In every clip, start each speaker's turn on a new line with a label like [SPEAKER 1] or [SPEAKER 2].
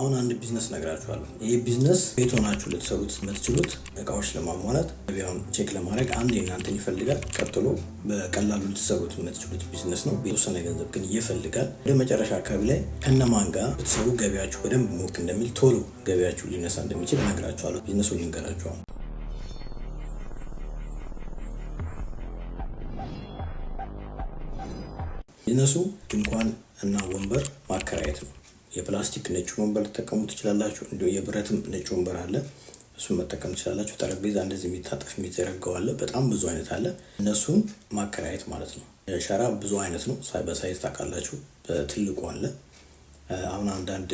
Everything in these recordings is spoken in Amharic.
[SPEAKER 1] አሁን አንድ ቢዝነስ ነግራችኋለሁ። ይህ ቢዝነስ ቤት ሆናችሁ ልትሰሩት የምትችሉት እቃዎች ለማሟላት ገቢያውን ቼክ ለማድረግ አንድ እናንተን ይፈልጋል። ቀጥሎ በቀላሉ ልትሰሩት የምትችሉት ቢዝነስ ነው። የተወሰነ ገንዘብ ግን ይፈልጋል። ወደ መጨረሻ አካባቢ ላይ ከነማን ጋር ብትሰሩ ገቢያችሁ በደንብ ሞክ እንደሚል ቶሎ ገበያችሁ ሊነሳ እንደሚችል ነግራችኋለሁ። ቢዝነሱ ልንገራችኋለሁ። ቢዝነሱ ድንኳን እና ወንበር ማከራየት ነው። የፕላስቲክ ነጭ ወንበር ልጠቀሙ ትችላላችሁ። እንዲሁ የብረትም ነጭ ወንበር አለ፣ እሱን መጠቀም ትችላላችሁ። ጠረጴዛ እንደዚህ የሚታጠፍ የሚዘረጋው አለ፣ በጣም ብዙ አይነት አለ። እነሱን ማከራየት ማለት ነው። ሸራ ብዙ አይነት ነው፣ በሳይዝ ታውቃላችሁ። በትልቁ አለ። አሁን አንዳንድ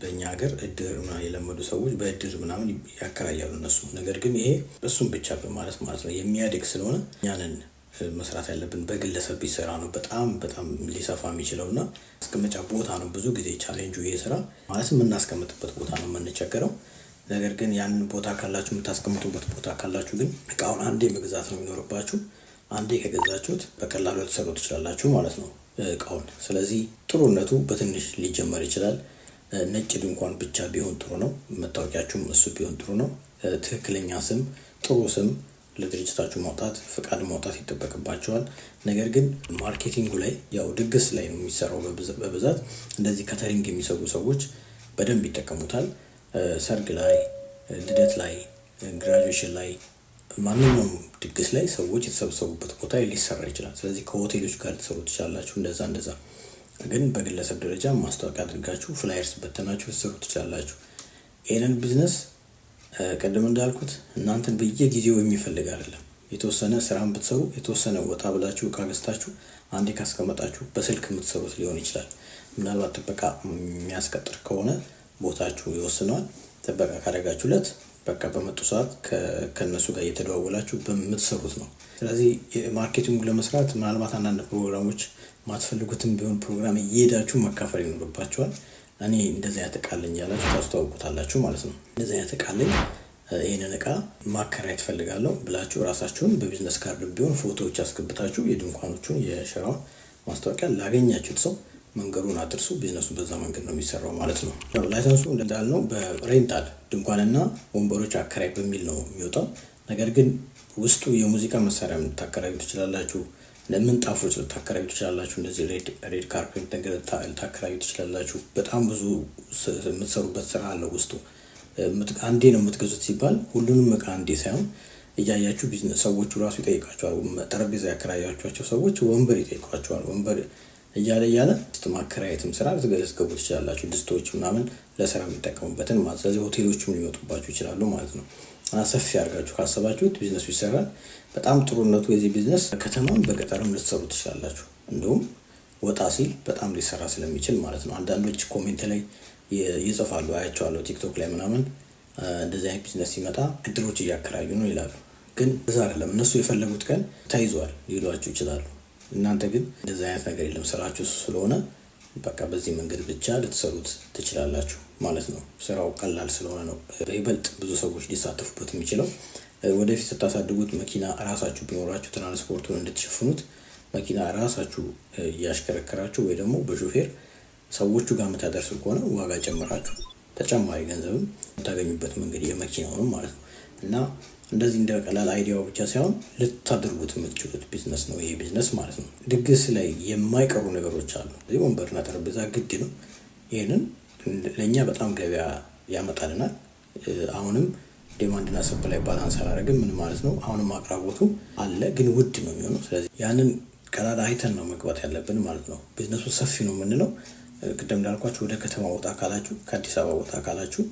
[SPEAKER 1] በእኛ ሀገር እድር የለመዱ ሰዎች በእድር ምናምን ያከራያሉ እነሱ። ነገር ግን ይሄ እሱም ብቻ በማለት ማለት ነው የሚያድግ ስለሆነ እኛንን መስራት ያለብን በግለሰብ ቢሰራ ነው በጣም በጣም ሊሰፋ የሚችለው እና ማስቀመጫ ቦታ ነው። ብዙ ጊዜ ቻሌንጁ ይሄ ስራ ማለት የምናስቀምጥበት ቦታ ነው የምንቸገረው። ነገር ግን ያንን ቦታ ካላችሁ የምታስቀምጡበት ቦታ ካላችሁ ግን እቃውን አንዴ መግዛት ነው የሚኖርባችሁ። አንዴ ከገዛችሁት በቀላሉ ልትሰሩ ትችላላችሁ ማለት ነው እቃውን። ስለዚህ ጥሩነቱ በትንሽ ሊጀመር ይችላል። ነጭ ድንኳን ብቻ ቢሆን ጥሩ ነው። መታወቂያችሁም እሱ ቢሆን ጥሩ ነው። ትክክለኛ ስም ጥሩ ስም ለድርጅታችሁ ማውጣት ፍቃድ ማውጣት ይጠበቅባቸዋል። ነገር ግን ማርኬቲንጉ ላይ ያው ድግስ ላይ ነው የሚሰራው በብዛት እንደዚህ ከተሪንግ የሚሰሩ ሰዎች በደንብ ይጠቀሙታል። ሰርግ ላይ፣ ልደት ላይ፣ ግራጁዌሽን ላይ ማንኛውም ድግስ ላይ ሰዎች የተሰበሰቡበት ቦታ ሊሰራ ይችላል። ስለዚህ ከሆቴሎች ጋር ልትሰሩ ትችላላችሁ። እንደዛ እንደዛ ግን በግለሰብ ደረጃ ማስታወቂያ አድርጋችሁ ፍላየርስ በተናችሁ ልትሰሩ ትችላላችሁ። ይህንን ቢዝነስ ቅድም እንዳልኩት እናንተን በየጊዜው የሚፈልግ አይደለም። የተወሰነ ስራን ብትሰሩ የተወሰነ ወጣ ብላችሁ እቃ ገዝታችሁ አንዴ ካስቀመጣችሁ በስልክ የምትሰሩት ሊሆን ይችላል። ምናልባት ጥበቃ የሚያስቀጥር ከሆነ ቦታችሁ ይወስነዋል። ጥበቃ ካደረጋችሁለት በቃ በመጡ ሰዓት ከእነሱ ጋር እየተደዋወላችሁ በምትሰሩት ነው። ስለዚህ ማርኬቲንጉ ለመስራት ምናልባት አንዳንድ ፕሮግራሞች ማትፈልጉትም ቢሆን ፕሮግራም እየሄዳችሁ መካፈል ይኖርባቸዋል። እኔ እንደዚህ አይነት ያላችሁ ታስተዋውቁታላችሁ ማለት ነው። እንደዚህ አይነት ይህንን እቃ ማከራ ትፈልጋለሁ ብላችሁ ራሳችሁን በቢዝነስ ካርድ ቢሆን ፎቶዎች አስገብታችሁ የድንኳኖቹን የሸራ ማስታወቂያ ላገኛችሁት ሰው መንገዱን አድርሱ። ቢዝነሱ በዛ መንገድ ነው የሚሰራው ማለት ነው። ላይሰንሱ እንዳልነው በሬንታል ድንኳንና ወንበሮች አከራይ በሚል ነው የሚወጣው። ነገር ግን ውስጡ የሙዚቃ መሳሪያ ታከራዩ ትችላላችሁ። ለምንጣፎች ልታከራዩ ትችላላችሁ። እንደዚህ ሬድ ካርፔት ነገር ልታከራዩ ትችላላችሁ። በጣም ብዙ የምትሰሩበት ስራ አለው ውስጡ። አንዴ ነው የምትገዙት ሲባል ሁሉንም እቃ አንዴ ሳይሆን እያያችሁ ሰዎቹ ራሱ ይጠይቃቸዋል። ጠረጴዛ ያከራያቸዋቸው ሰዎች ወንበር ይጠይቋቸዋል። ወንበር እያለ እያለ ስ ማከራየትም ስራ ልትገቡ ትችላላችሁ። ድስቶች ምናምን ለስራ የሚጠቀሙበትን ማለት ስለዚህ ሆቴሎችም ሊመጡባቸው ይችላሉ ማለት ነው። ሰፊ አድርጋችሁ ካሰባችሁት ቢዝነሱ ይሰራል። በጣም ጥሩነቱ የዚህ ቢዝነስ ከተማም በገጠርም ልትሰሩ ትችላላችሁ። እንዲሁም ወጣ ሲል በጣም ሊሰራ ስለሚችል ማለት ነው። አንዳንዶች ኮሜንት ላይ ይጽፋሉ፣ አያቸዋለሁ ቲክቶክ ላይ ምናምን እንደዚህ አይነት ቢዝነስ ሲመጣ እድሮች እያከራዩ ነው ይላሉ። ግን እዛ አይደለም። እነሱ የፈለጉት ቀን ተይዟል ሊሏችሁ ይችላሉ። እናንተ ግን እንደዚህ አይነት ነገር የለም ስራችሁ ስለሆነ በቃ በዚህ መንገድ ብቻ ልትሰሩት ትችላላችሁ ማለት ነው። ስራው ቀላል ስለሆነ ነው በይበልጥ ብዙ ሰዎች ሊሳተፉበት የሚችለው። ወደፊት ስታሳድጉት መኪና ራሳችሁ ቢኖራችሁ ትራንስፖርቱን እንድትሸፍኑት መኪና ራሳችሁ እያሽከረከራችሁ ወይ ደግሞ በሾፌር ሰዎቹ ጋር የምታደርሱ ከሆነ ዋጋ ጨምራችሁ ተጨማሪ ገንዘብም የምታገኙበት መንገድ የመኪናውንም ማለት ነው። እና እንደዚህ እንደ ቀላል አይዲያው ብቻ ሳይሆን ልታደርጉት የምትችሉት ቢዝነስ ነው ይሄ ቢዝነስ ማለት ነው። ድግስ ላይ የማይቀሩ ነገሮች አሉ። ወንበርና ጠረጴዛ ግድ ነው። ይህንን ለእኛ በጣም ገበያ ያመጣልናል። አሁንም ዴማንድና ሰፕላይ ባላንስ አላደረግም። ምን ማለት ነው? አሁንም አቅራቦቱ አለ፣ ግን ውድ ነው የሚሆነው። ስለዚህ ያንን ቀላል አይተን ነው መግባት ያለብን ማለት ነው። ቢዝነሱ ሰፊ ነው የምንለው ቅድም እንዳልኳችሁ ወደ ከተማ ወጣ አካላችሁ ከአዲስ አበባ ወጣ አካላችሁ።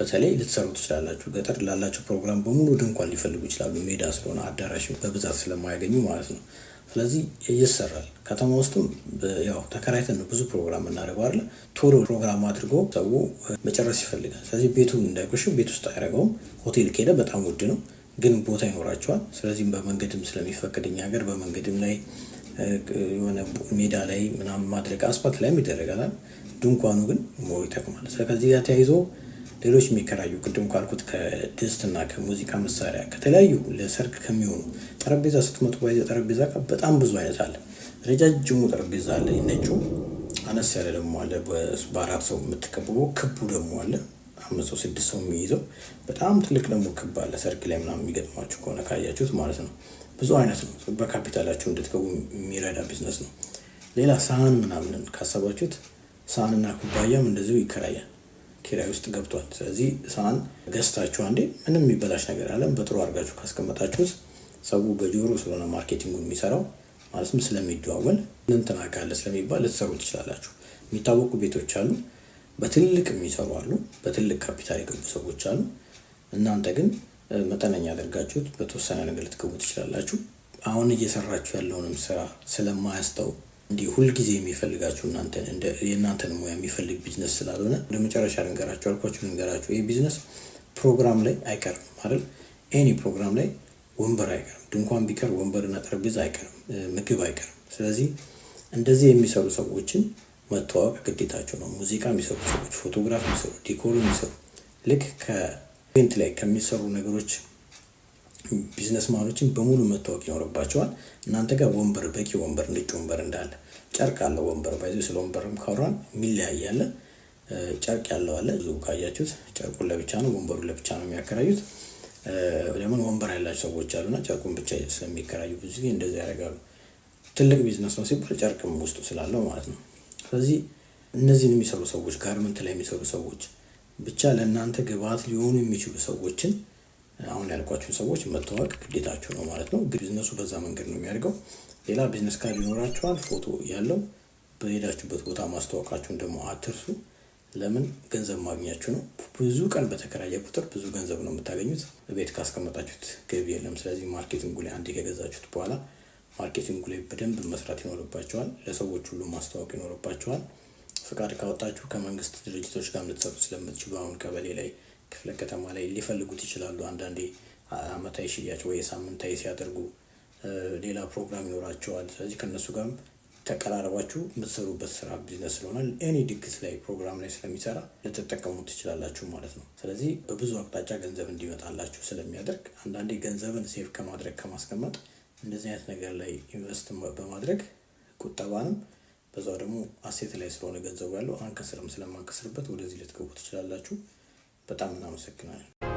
[SPEAKER 1] በተለይ ልትሰሩ ትችላላችሁ። ገጠር ላላቸው ፕሮግራም በሙሉ ድንኳን ሊፈልጉ ይችላሉ። ሜዳ ስለሆነ አዳራሽ በብዛት ስለማያገኙ ማለት ነው። ስለዚህ ይሰራል። ከተማ ውስጥም ያው ተከራይተን ነው ብዙ ፕሮግራም እናደርገው አለ። ቶሎ ፕሮግራም አድርጎ ሰው መጨረስ ይፈልጋል። ስለዚህ ቤቱ እንዳይቆሽ ቤት ውስጥ አያደርገውም። ሆቴል ከሄደ በጣም ውድ ነው፣ ግን ቦታ ይኖራቸዋል። ስለዚህም በመንገድም ስለሚፈቅድኝ ሀገር በመንገድም ላይ የሆነ ሜዳ ላይ ምናምን ማድረግ አስፓልት ላይም ይደረጋል። ድንኳኑ ግን ሞ ይጠቅማል። ከዚህ ጋር ተያይዞ ሌሎች የሚከራዩ ቅድም ካልኩት ከድስትና ከሙዚቃ መሳሪያ ከተለያዩ ለሰርግ ከሚሆኑ ጠረጴዛ ስትመጡ ባይዘ ጠረጴዛ እቃ በጣም ብዙ አይነት አለ። ረጃጅሙ ጠረጴዛ አለ ነጩ፣ አነስ ያለ ደግሞ አለ በአራት ሰው የምትከብበው ክቡ ደግሞ አለ አምስት ሰው ስድስት ሰው የሚይዘው በጣም ትልቅ ደግሞ ክብ አለ። ሰርግ ላይ ምናምን የሚገጥማችሁ ከሆነ ካያችሁት ማለት ነው። ብዙ አይነት ነው። በካፒታላችሁ እንድትገቡ የሚረዳ ቢዝነስ ነው። ሌላ ሳህን ምናምን ካሰባችሁት ሳህንና ኩባያም እንደዚሁ ይከራያል። ኪራይ ውስጥ ገብቷል። ስለዚህ ሳህን ገዝታችሁ አንዴ ምንም የሚበላሽ ነገር አለም በጥሩ አድርጋችሁ ካስቀመጣችሁት ሰው በጆሮ ስለሆነ ማርኬቲንጉ የሚሰራው ማለትም ስለሚደዋወል እንትና ካለ ስለሚባል ልትሰሩ ትችላላችሁ። የሚታወቁ ቤቶች አሉ፣ በትልቅ የሚሰሩ አሉ፣ በትልቅ ካፒታል የገቡ ሰዎች አሉ። እናንተ ግን መጠነኛ አድርጋችሁት በተወሰነ ነገር ልትገቡ ትችላላችሁ። አሁን እየሰራችሁ ያለውንም ስራ ስለማያስተው እንዲህ ሁልጊዜ የሚፈልጋችሁ እናንተን የእናንተን ሙያ የሚፈልግ ቢዝነስ ስላልሆነ ወደ መጨረሻ ልንገራችሁ አልኳችሁ፣ ልንገራችሁ። ይህ ቢዝነስ ፕሮግራም ላይ አይቀርም አይደል? ኤኒ ፕሮግራም ላይ ወንበር አይቀርም፣ ድንኳን ቢቀር ወንበርና ጠረጴዛ አይቀርም፣ ምግብ አይቀርም። ስለዚህ እንደዚህ የሚሰሩ ሰዎችን መተዋወቅ ግዴታቸው ነው። ሙዚቃ የሚሰሩ ሰዎች፣ ፎቶግራፍ የሚሰሩ፣ ዲኮር የሚሰሩ ልክ ከኢቨንት ላይ ከሚሰሩ ነገሮች ቢዝነስ ማኖችን በሙሉ መታወቅ ይኖርባቸዋል። እናንተ ጋር ወንበር በቂ ወንበር ነጭ ወንበር እንዳለ ጨርቅ አለው ወንበር ባይዞ ስለ ወንበርም ካወራን የሚለያያለ ጨርቅ ያለው አለ ብዙ ካያችሁት ጨርቁን ለብቻ ነው ወንበሩን ለብቻ ነው የሚያከራዩት። ለምን ወንበር ያላቸው ሰዎች አሉና ጨርቁን ብቻ ስለሚከራዩ ብዙ ጊዜ እንደዚ ያደርጋሉ። ትልቅ ቢዝነስ ነው ሲባል ጨርቅም ውስጡ ስላለው ማለት ነው። ስለዚህ እነዚህን የሚሰሩ ሰዎች ጋርመንት ላይ የሚሰሩ ሰዎች ብቻ ለእናንተ ግብዓት ሊሆኑ የሚችሉ ሰዎችን አሁን ያልኳቸው ሰዎች መተዋወቅ ግዴታቸው ነው ማለት ነው። ቢዝነሱ በዛ መንገድ ነው የሚያደርገው። ሌላ ቢዝነስ ካርድ ይኖራቸዋል ፎቶ ያለው በሄዳችሁበት ቦታ ማስተዋወቃችሁን ደግሞ አትርሱ። ለምን ገንዘብ ማግኛችሁ ነው። ብዙ ቀን በተከራየ ቁጥር ብዙ ገንዘብ ነው የምታገኙት። ቤት ካስቀመጣችሁት ገቢ የለም። ስለዚህ ማርኬቲንጉ ላይ አንዴ ከገዛችሁት በኋላ ማርኬቲንጉ ላይ በደንብ መስራት ይኖርባቸዋል። ለሰዎች ሁሉ ማስተዋወቅ ይኖርባቸዋል። ፍቃድ ካወጣችሁ ከመንግስት ድርጅቶች ጋር ልትሰሩ ስለምትችሉ አሁን ቀበሌ ላይ ክፍለ ከተማ ላይ ሊፈልጉት ይችላሉ። አንዳንዴ አመታዊ ሽያጭ ወይ ሳምንታዊ ሲያደርጉ ሌላ ፕሮግራም ይኖራቸዋል። ስለዚህ ከእነሱ ጋርም ተቀራረባችሁ የምትሰሩበት ስራ ቢዝነስ ስለሆነ ኤኒ ድግስ ላይ ፕሮግራም ላይ ስለሚሰራ ልትጠቀሙ ትችላላችሁ ማለት ነው። ስለዚህ በብዙ አቅጣጫ ገንዘብ እንዲመጣላችሁ ስለሚያደርግ አንዳንዴ ገንዘብን ሴፍ ከማድረግ ከማስቀመጥ እንደዚህ አይነት ነገር ላይ ኢንቨስት በማድረግ ቁጠባንም በዛው ደግሞ አሴት ላይ ስለሆነ ገንዘቡ ያለው አንከስርም ስለማንከስርበት ወደዚህ ልትገቡ ትችላላችሁ። በጣም እናመሰግናለን።